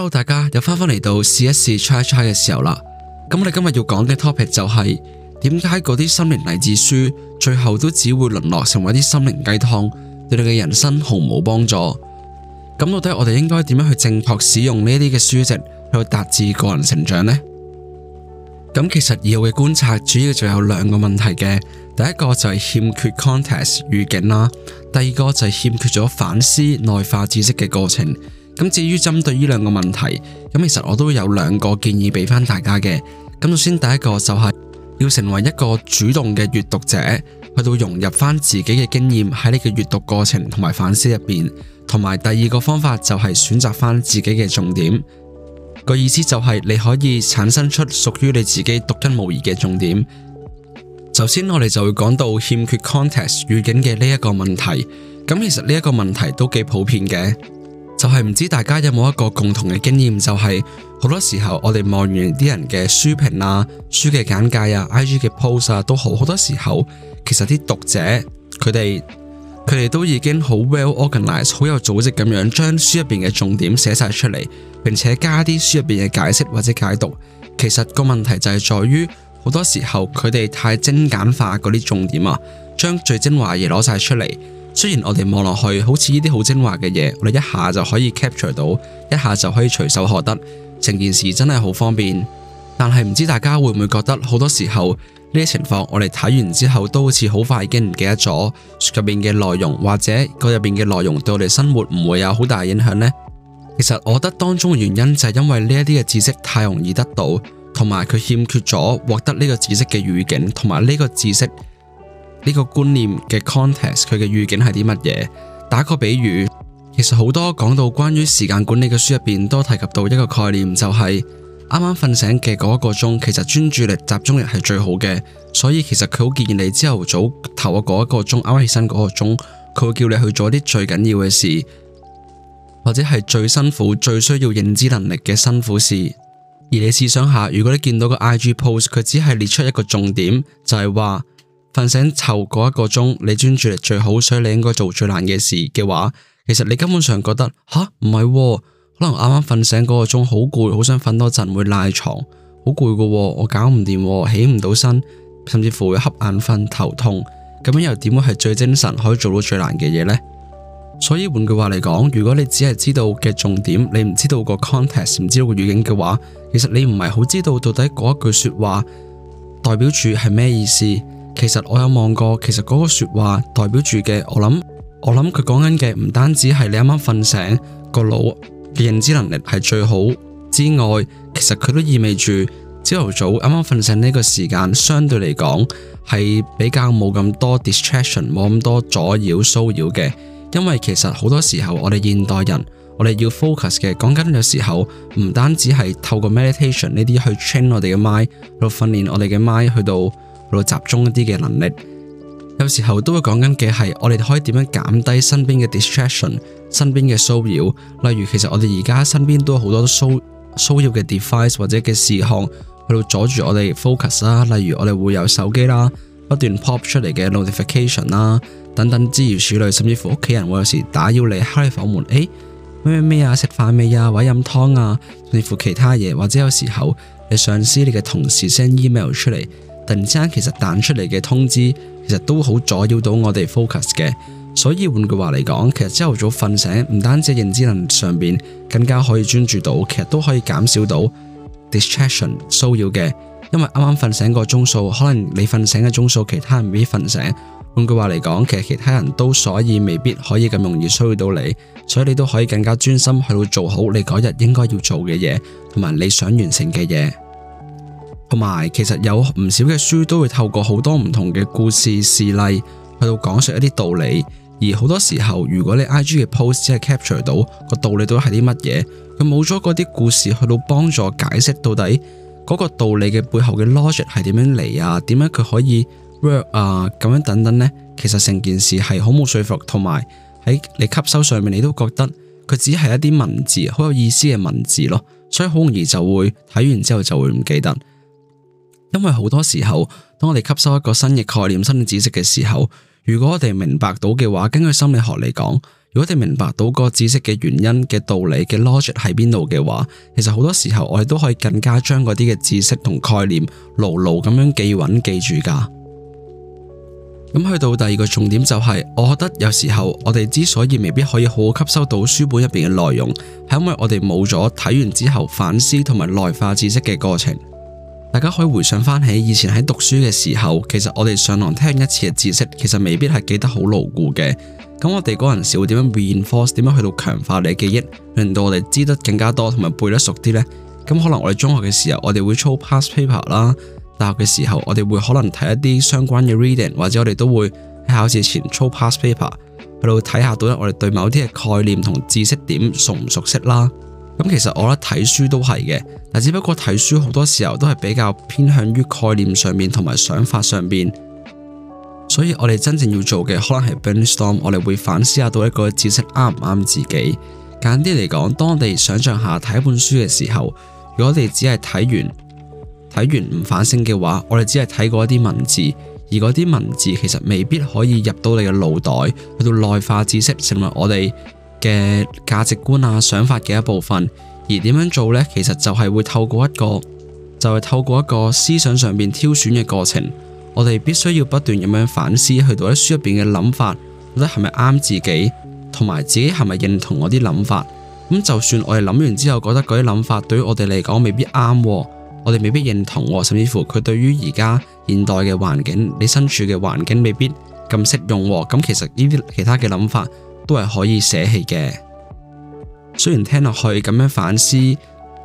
hello，大家又返返嚟到試一試 try 一 try 嘅時候啦。咁我哋今日要講嘅 topic 就係點解嗰啲心靈勵志書最後都只會淪落成為啲心靈雞湯，對你嘅人生毫無幫助。咁到底我哋應該點樣去正確使用呢啲嘅書籍去達至個人成長呢？咁其實而我嘅觀察主要就有兩個問題嘅，第一個就係欠缺 context 語境啦，第二個就係欠缺咗反思內化知識嘅過程。咁至於針對呢兩個問題，咁其實我都有兩個建議俾翻大家嘅。咁首先第一個就係要成為一個主動嘅閱讀者，去到融入翻自己嘅經驗喺你嘅閱讀過程同埋反思入邊。同埋第二個方法就係選擇翻自己嘅重點。個意思就係你可以產生出屬於你自己獨一無二嘅重點。首先我哋就會講到欠缺 context 語境嘅，呢一個問題。咁其實呢一個問題都幾普遍嘅。就係唔知大家有冇一個共同嘅經驗，就係、是、好多時候我哋望完啲人嘅書評啊、書嘅簡介啊、IG 嘅 post 啊都好，好多時候其實啲讀者佢哋佢哋都已經好 well o r g a n i z e d 好有組織咁樣將書入邊嘅重點寫晒出嚟，並且加啲書入邊嘅解釋或者解讀。其實個問題就係在於好多時候佢哋太精簡化嗰啲重點啊，將最精華嘢攞晒出嚟。雖然我哋望落去，好似呢啲好精華嘅嘢，我哋一下就可以 capture 到，一下就可以隨手學得，成件事真係好方便。但係唔知大家會唔會覺得，好多時候呢啲情況，我哋睇完之後，都好似好快已經唔記得咗入邊嘅內容，或者個入邊嘅內容對我哋生活唔會有好大影響呢？其實我覺得當中嘅原因就係因為呢一啲嘅知識太容易得到，同埋佢欠缺咗獲得呢個知識嘅語境，同埋呢個知識。呢個觀念嘅 context，佢嘅預警係啲乜嘢？打個比喻，其實好多講到關於時間管理嘅書入邊，都提及到一個概念，就係啱啱瞓醒嘅嗰一個鐘，其實專注力集中力係最好嘅。所以其實佢好建議你朝頭早頭嗰個鐘，啱啱起身嗰個鐘，佢會叫你去做啲最緊要嘅事，或者係最辛苦、最需要認知能力嘅辛苦事。而你試想下，如果你見到個 IG post，佢只係列出一個重點，就係話，瞓醒頭嗰一個鐘，你專注力最好，所以你應該做最難嘅事嘅話，其實你根本上覺得吓唔係喎，可能啱啱瞓醒嗰個鐘好攰，好想瞓多陣，會賴床，好攰噶喎，我搞唔掂喎，起唔到身，甚至乎會瞌眼瞓、頭痛，咁樣又點會係最精神可以做到最難嘅嘢呢？所以換句話嚟講，如果你只係知道嘅重點，你唔知道個 context，唔知道個語境嘅話，其實你唔係好知道到底嗰一句說話代表住係咩意思。其實我有望過，其實嗰個說話代表住嘅，我諗我諗佢講緊嘅唔單止係你啱啱瞓醒個腦嘅認知能力係最好之外，其實佢都意味住朝頭早啱啱瞓醒呢個時間相對嚟講係比較冇咁多 distraction 冇咁多阻擾騷擾嘅，因為其實好多時候我哋現代人我哋要 focus 嘅講緊嘅時候唔單止係透過 meditation 呢啲去 train 我哋嘅 mind 去訓練我哋嘅 mind 去到。去到集中一啲嘅能力，有時候都會講緊嘅係，我哋可以點樣減低身邊嘅 distraction，身邊嘅騷擾。例如，其實我哋而家身邊都有好多騷騷擾嘅 device 或者嘅事項去到阻住我哋 focus 啦。例如，我哋會有手機啦，不斷 pop 出嚟嘅 notification 啦，等等諸如此類，甚至乎屋企人會有時打擾你開你房門，誒咩咩咩啊食飯未啊，或者飲湯啊，甚至乎其他嘢，或者有時候你上司、你嘅同事 send email 出嚟。突然之間，其實彈出嚟嘅通知，其實都好阻擾到我哋 focus 嘅。所以換句話嚟講，其實朝頭早瞓醒，唔單止喺認知能力上邊更加可以專注到，其實都可以減少到 distraction 騷擾嘅。因為啱啱瞓醒個鐘數，可能你瞓醒嘅鐘數，其他人未必瞓醒。換句話嚟講，其實其他人都所以未必可以咁容易騷擾到你，所以你都可以更加專心去到做好你嗰日應該要做嘅嘢，同埋你想完成嘅嘢。同埋，其實有唔少嘅書都會透過好多唔同嘅故事事例去到講述一啲道理。而好多時候，如果你 IG 嘅 post 只係 capture 到個道理都係啲乜嘢，佢冇咗嗰啲故事去到幫助解釋到底嗰個道理嘅背後嘅 logic 係點樣嚟啊？點樣佢可以 work 啊？咁樣等等呢，其實成件事係好冇說服，同埋喺你吸收上面，你都覺得佢只係一啲文字，好有意思嘅文字咯，所以好容易就會睇完之後就會唔記得。因為好多時候，當我哋吸收一個新嘅概念、新嘅知識嘅時候，如果我哋明白到嘅話，根據心理學嚟講，如果我哋明白到個知識嘅原因、嘅道理、嘅邏輯喺邊度嘅話，其實好多時候我哋都可以更加將嗰啲嘅知識同概念牢牢咁樣記穩記住噶。咁去到第二個重點就係，我覺得有時候我哋之所以未必可以好好吸收到書本入邊嘅內容，係因為我哋冇咗睇完之後反思同埋內化知識嘅過程。大家可以回想翻起以前喺讀書嘅時候，其實我哋上堂聽一次嘅知識，其實未必係記得好牢固嘅。咁我哋嗰陣時會點樣 reinforce？點樣去到強化你嘅記憶，令到我哋知得更加多，同埋背得熟啲呢？咁可能我哋中學嘅時候，我哋會操 past paper 啦。大學嘅時候，我哋會可能睇一啲相關嘅 reading，或者我哋都會喺考試前操 past paper，去到睇下到底我哋對某啲嘅概念同知識點熟唔熟悉啦。咁其實我覺得睇書都係嘅，但只不過睇書好多時候都係比較偏向於概念上面同埋想法上面，所以我哋真正要做嘅可能係 brainstorm，我哋會反思下到一個知識啱唔啱自己。簡單啲嚟講，當我哋想象下睇一本書嘅時候，如果我哋只係睇完睇完唔反省嘅話，我哋只係睇過一啲文字，而嗰啲文字其實未必可以入到你嘅腦袋去到內化知識，成為我哋。嘅價值觀啊，想法嘅一部分，而點樣做呢？其實就係會透過一個，就係透過一個思想上邊挑選嘅過程。我哋必須要不斷咁樣反思，去到啲書入邊嘅諗法，覺得係咪啱自己，同埋自己係咪認同我啲諗法。咁就算我哋諗完之後，覺得嗰啲諗法對於我哋嚟講未必啱，我哋未必認同，甚至乎佢對於而家現代嘅環境，你身處嘅環境未必咁適用。咁其實呢啲其他嘅諗法。都係可以捨棄嘅。雖然聽落去咁樣反思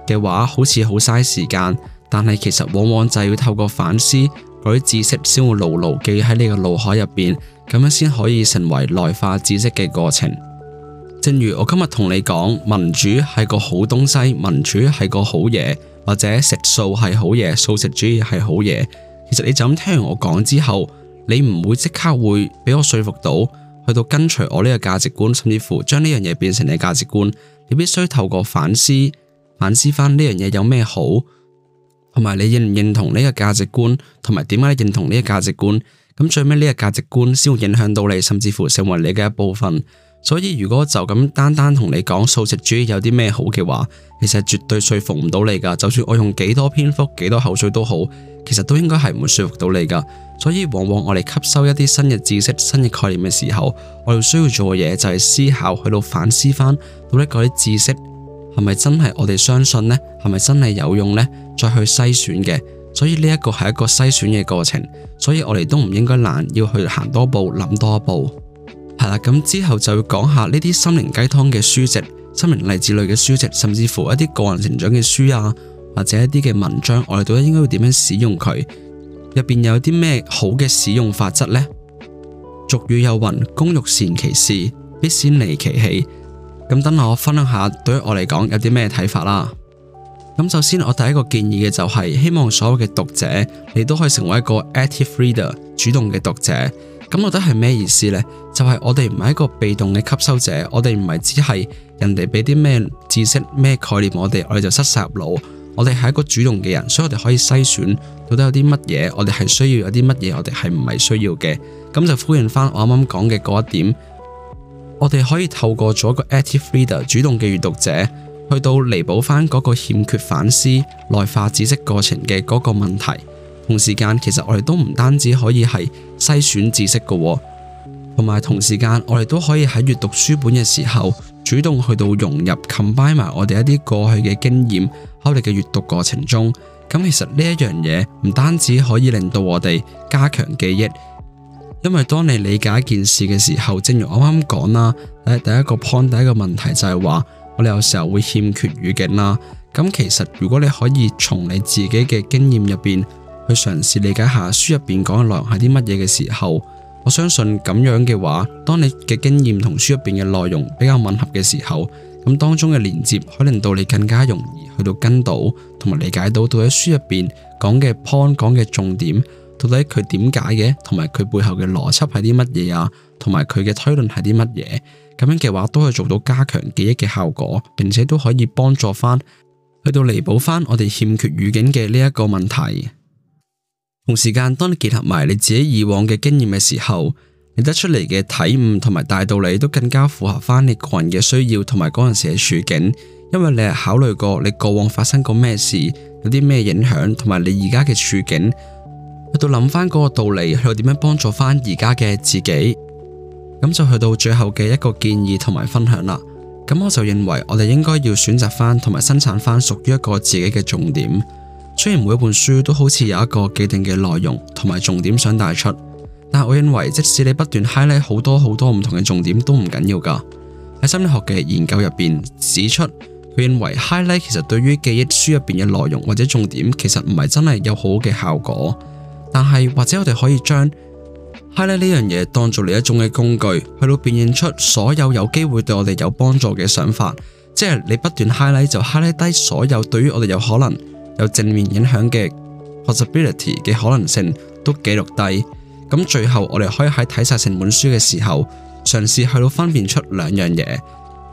嘅話，好似好嘥時間，但係其實往往就係要透過反思，嗰啲知識先會牢牢記喺你個腦海入邊，咁樣先可以成為內化知識嘅過程。正如我今日同你講，民主係個好東西，民主係個好嘢，或者食素係好嘢，素食主義係好嘢。其實你就咁聽完我講之後，你唔會即刻會俾我說服到。去到跟隨我呢個價值觀，甚至乎將呢樣嘢變成你價值觀，你必須透過反思，反思翻呢樣嘢有咩好，同埋你認唔認同呢個價值觀，同埋點解認同呢個價值觀，咁最尾呢個價值觀先會影響到你，甚至乎成為你嘅一部分。所以如果就咁單單同你講素食主義有啲咩好嘅話，其實絕對說服唔到你噶。就算我用幾多篇幅，幾多口水都好，其實都應該係唔會說服到你噶。所以往往我哋吸收一啲新嘅知識、新嘅概念嘅時候，我哋需要做嘅嘢就係思考，去到反思翻，到呢個啲知識係咪真係我哋相信呢？係咪真係有用呢？再去篩選嘅。所以呢一個係一個篩選嘅過程。所以我哋都唔應該懶，要去行多步、諗多步。係啦，咁、嗯、之後就要講下呢啲心靈雞湯嘅書籍、心靈勵志類嘅書籍，甚至乎一啲個人成長嘅書啊，或者一啲嘅文章，我哋到底應該要點樣使用佢？入邊有啲咩好嘅使用法則呢？俗語有云：工欲善其事，必先利其器。咁等我分享下對於，對於我嚟講有啲咩睇法啦。咁首先，我第一個建議嘅就係、是、希望所有嘅讀者，你都可以成為一個 active reader，主動嘅讀者。咁我覺得係咩意思呢？就係、是、我哋唔係一個被動嘅吸收者，我哋唔係只係人哋俾啲咩知識咩概念我，我哋我哋就塞晒入腦。我哋係一個主動嘅人，所以我哋可以篩選到底有啲乜嘢，我哋係需要，有啲乜嘢，我哋係唔係需要嘅。咁就呼應翻我啱啱講嘅嗰一點，我哋可以透過咗個 active reader 主動嘅閱讀者，去到彌補翻嗰個欠缺反思內化知識過程嘅嗰個問題。同時間，其實我哋都唔單止可以係篩選知識㗎喎，同埋同時間，我哋都可以喺閱讀書本嘅時候，主動去到融入 combine 埋我哋一啲過去嘅經驗喺我哋嘅閱讀過程中。咁其實呢一樣嘢唔單止可以令到我哋加強記憶，因為當你理解一件事嘅時候，正如我啱啱講啦，第一個 point，第一個問題就係話我哋有時候會欠缺語境啦。咁其實如果你可以從你自己嘅經驗入邊，去嘗試理解下書入邊講嘅內容係啲乜嘢嘅時候，我相信咁樣嘅話，當你嘅經驗同書入邊嘅內容比較吻合嘅時候，咁當中嘅連接可以令到你更加容易去到跟到，同埋理解到到底書入邊講嘅 point 講嘅重點，到底佢點解嘅，同埋佢背後嘅邏輯係啲乜嘢啊，同埋佢嘅推論係啲乜嘢，咁樣嘅話都可以做到加強記憶嘅效果，並且都可以幫助翻去到彌補翻我哋欠缺語境嘅呢一個問題。同時間，當你結合埋你自己以往嘅經驗嘅時候，你得出嚟嘅體悟同埋大道理都更加符合翻你個人嘅需要同埋嗰陣時嘅處境，因為你係考慮過你過往發生過咩事，有啲咩影響，同埋你而家嘅處境，去到諗翻嗰個道理去到點樣幫助翻而家嘅自己，咁就去到最後嘅一個建議同埋分享啦。咁我就認為我哋應該要選擇翻同埋生產翻屬於一個自己嘅重點。雖然每一本書都好似有一個既定嘅內容同埋重點想帶出，但我認為即使你不斷 highlight 好多好多唔同嘅重點都唔緊要噶喺心理學嘅研究入邊指出，佢認為 highlight 其實對於記憶書入邊嘅內容或者重點其實唔係真係有好嘅效果。但係或者我哋可以將 highlight 呢樣嘢當做另一種嘅工具，去到辨認出所有有機會對我哋有幫助嘅想法，即係你不斷 highlight 就 highlight 低所有對於我哋有可能，有正面影響嘅 possibility 嘅可能性都記錄低，咁最後我哋可以喺睇晒成本書嘅時候，嘗試去到分辨出兩樣嘢。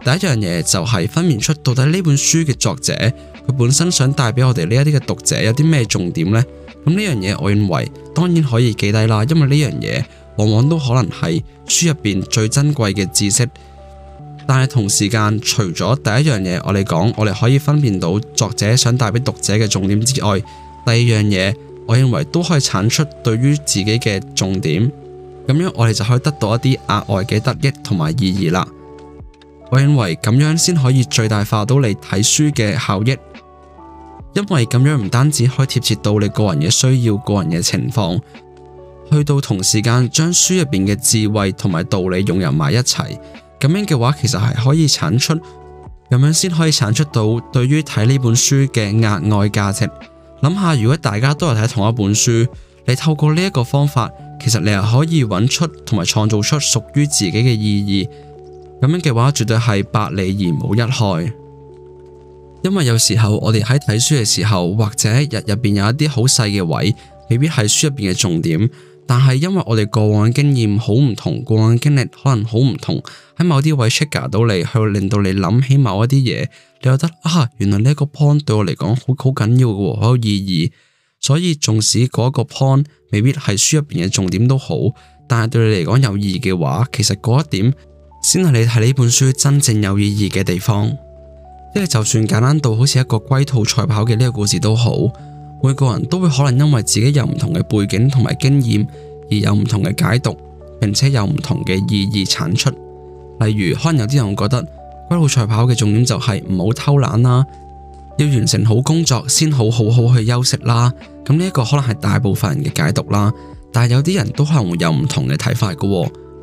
第一樣嘢就係分辨出到底呢本書嘅作者佢本身想帶俾我哋呢一啲嘅讀者有啲咩重點呢？咁呢樣嘢我認為當然可以記低啦，因為呢樣嘢往往都可能係書入邊最珍貴嘅知識。但係同時間，除咗第一樣嘢我哋講，我哋可以分辨到作者想帶俾讀者嘅重點之外，第二樣嘢我認為都可以產出對於自己嘅重點，咁樣我哋就可以得到一啲額外嘅得益同埋意義啦。我認為咁樣先可以最大化到你睇書嘅效益，因為咁樣唔單止可以貼切到你個人嘅需要、個人嘅情況，去到同時間將書入邊嘅智慧同埋道理融入埋一齊。咁樣嘅話，其實係可以產出，咁樣先可以產出到對於睇呢本書嘅額外價值。諗下，如果大家都係睇同一本書，你透過呢一個方法，其實你係可以揾出同埋創造出屬於自己嘅意義。咁樣嘅話，絕對係百利而無一害。因為有時候我哋喺睇書嘅時候，或者日入邊有一啲好細嘅位，未必係書入邊嘅重點。但係因為我哋過往嘅經驗好唔同，過往嘅經歷可能好唔同，喺某啲位 check 到你，去令到你諗起某一啲嘢，你覺得啊，原來呢一個 point 對我嚟講好好緊要嘅，好有意義。所以縱使嗰一個 point 未必係書入邊嘅重點都好，但係對你嚟講有意義嘅話，其實嗰一點先係你睇呢本書真正有意義嘅地方。即係就算簡單到好似一個龜兔賽跑嘅呢個故事都好。每個人都會可能因為自己有唔同嘅背景同埋經驗而有唔同嘅解讀，並且有唔同嘅意義產出。例如，可能有啲人會覺得龜兔賽跑嘅重點就係唔好偷懶啦，要完成好工作先好好好去休息啦。咁呢一個可能係大部分人嘅解讀啦，但係有啲人都可能會有唔同嘅睇法噶。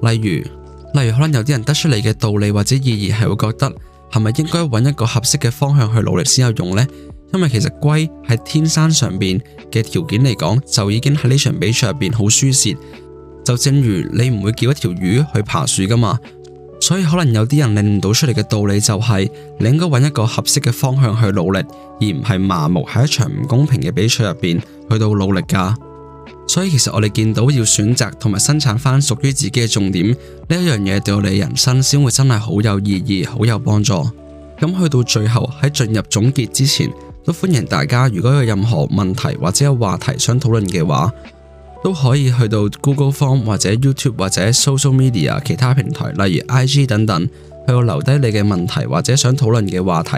例如，例如可能有啲人得出嚟嘅道理或者意義係會覺得係咪應該揾一個合適嘅方向去努力先有用呢？因為其實龜喺天生上邊嘅條件嚟講就已經喺呢場比賽入邊好輸蝕，就正如你唔會叫一條魚去爬樹噶嘛，所以可能有啲人領悟到出嚟嘅道理就係、是、你應該揾一個合適嘅方向去努力，而唔係麻木喺一場唔公平嘅比賽入邊去到努力噶。所以其實我哋見到要選擇同埋生產翻屬於自己嘅重點呢一樣嘢，對我哋人生先會真係好有意義、好有幫助。咁去到最後喺進入總結之前。都歡迎大家，如果有任何問題或者有話題想討論嘅話，都可以去到 Google Form 或者 YouTube 或者 Social Media 其他平台，例如 IG 等等，去到留低你嘅問題或者想討論嘅話題，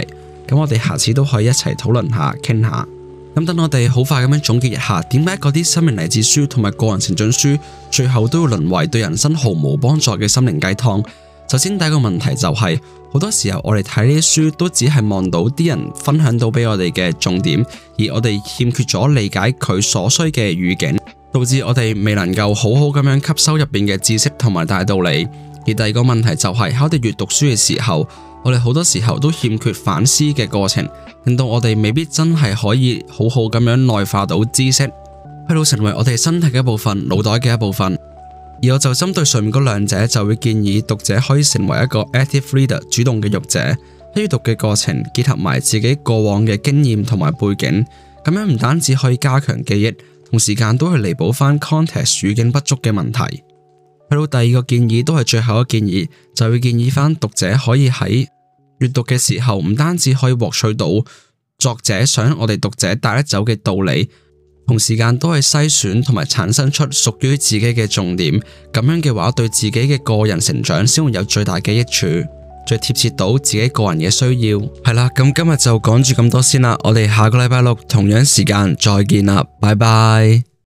咁我哋下次都可以一齊討論下，傾下。咁等我哋好快咁樣總結一下，點解嗰啲生命勵志書同埋個人成長書，最後都要淪為對人生毫無幫助嘅心靈雞湯？首先第一個問題就係好多時候我哋睇呢啲書，都只係望到啲人分享到俾我哋嘅重點，而我哋欠缺咗理解佢所需嘅語境，導致我哋未能夠好好咁樣吸收入邊嘅知識同埋大道理。而第二個問題就係喺我哋閱讀書嘅時候，我哋好多時候都欠缺反思嘅過程，令到我哋未必真係可以好好咁樣內化到知識，去到成為我哋身體嘅一部分、腦袋嘅一部分。而我就針對上面嗰兩者，就會建議讀者可以成為一個 active reader 主動嘅讀者，喺閱讀嘅過程結合埋自己過往嘅經驗同埋背景，咁樣唔單止可以加強記憶，同時間都去彌補翻 context 語境不足嘅問題。去到第二個建議，都係最後一個嘅建議，就會建議翻讀者可以喺閱讀嘅時候，唔單止可以獲取到作者想我哋讀者帶得走嘅道理。同時間都係篩選同埋產生出屬於自己嘅重點，咁樣嘅話對自己嘅個人成長先會有最大嘅益處，最貼切到自己個人嘅需要。係啦，咁今日就講住咁多先啦，我哋下個禮拜六同樣時間再見啦，拜拜。